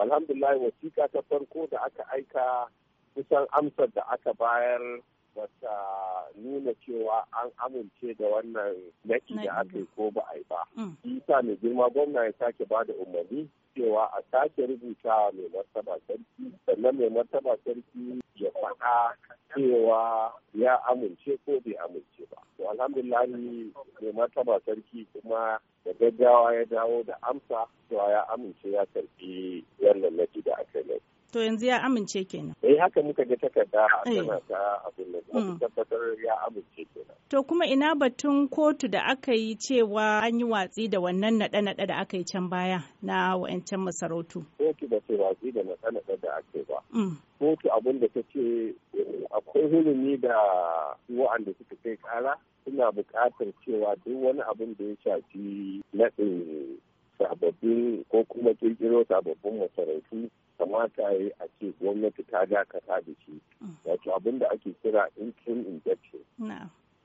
alhamdulillah wasiƙa ta farko da aka aika kusan amsar da aka bayar bata nuna cewa an amince da wannan naki da aka yi ko ba a yi ba. Mm. Isa mai girma gwamna ya sake ba da umarni cewa a sake rubuta mai martaba sarki sannan mai martaba sarki ya faɗa cewa ya amince ko bai amince ba to alhamdulillah mai martaba sarki kuma da gaggawa ya dawo da amsa cewa ya amince ya karbi wannan naji da aka yi To yanzu ya amince kenan. Eh haka muka ga takarda a sanar eh. ta abin da mm. tabbatar ya amince kenan. To kuma ina batun kotu da aka yi cewa an yi watsi da wannan naɗe-naɗe da aka yi can baya na wa'ancan masarautu. Kotu da ce watsi da nada nada da ake ba. Mm. Kotu abin da ta ce akwai hulumi da wa'anda suka kai kara suna buƙatar cewa duk wani abin da ya shafi naɗin sababbin ko kuma kirkiro sababbin masarautu kamata ya a ce gwamnati ta dakata da shi wato abin da ake kira interim injection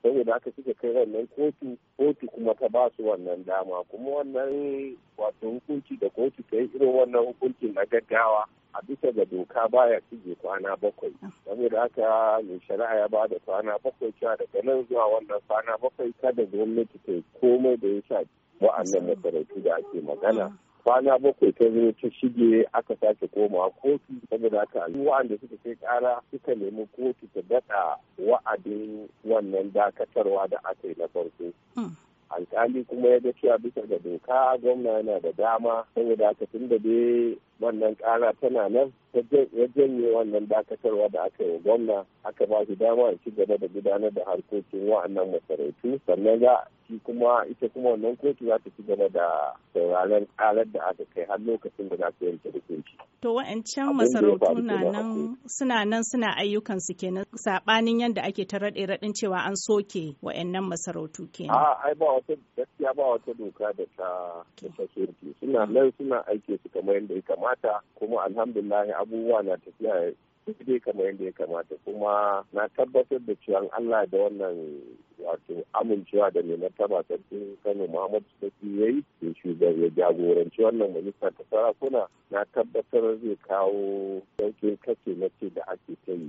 saboda aka cika kai wannan kotu kotu kuma ta ba su wannan dama kuma wannan wato hukunci da kotu ta yi irin wannan hukunci na gaggawa a bisa ga doka baya cije kwana bakwai saboda aka mai shari'a ya ba da kwana bakwai cewa daga nan zuwa wannan kwana bakwai kada gwamnati ta komai da ya shafi wa'annan masarautu da ake magana kwana bakwai ta zo ta shige aka sake koma kotu saboda haka wa'anda suka kai kara suka nemi kotu ta daɗa wa'adin wannan dakatarwa da aka yi na farko hmm. alkali kuma ya ga cewa bisa ga doka gwamna yana da dama saboda haka tun da dai wannan kara tana nan ya janye wannan dakatarwa da aka yi gwamna aka ba shi dama ya ci gaba da gudanar da harkokin wa'annan masarautu sannan za shi kuma ita kuma wannan kotu za ta ci gaba da sauraron karar da aka kai har lokacin da za su yanke hukunci. To wa'ancan masarautu na nan suna nan suna ayyukan su kenan sabanin yadda ake ta raɗe raɗin cewa an soke wa'annan masarautu kenan. A ai ba wata gaskiya ba wata doka da ta da ta suna nan suna aiki su kamar yadda ya kamata kuma alhamdulillah abubuwa na tafiya daidai kamar yadda ya kamata kuma na tabbatar da cewa Allah da wannan wato amincewa da mai martaba sarkin Kano Muhammadu Sarki ya yi da shugaban ya jagoranci wannan majalisa ta sarakuna na tabbatar zai kawo sauƙin kace na ce da ake ta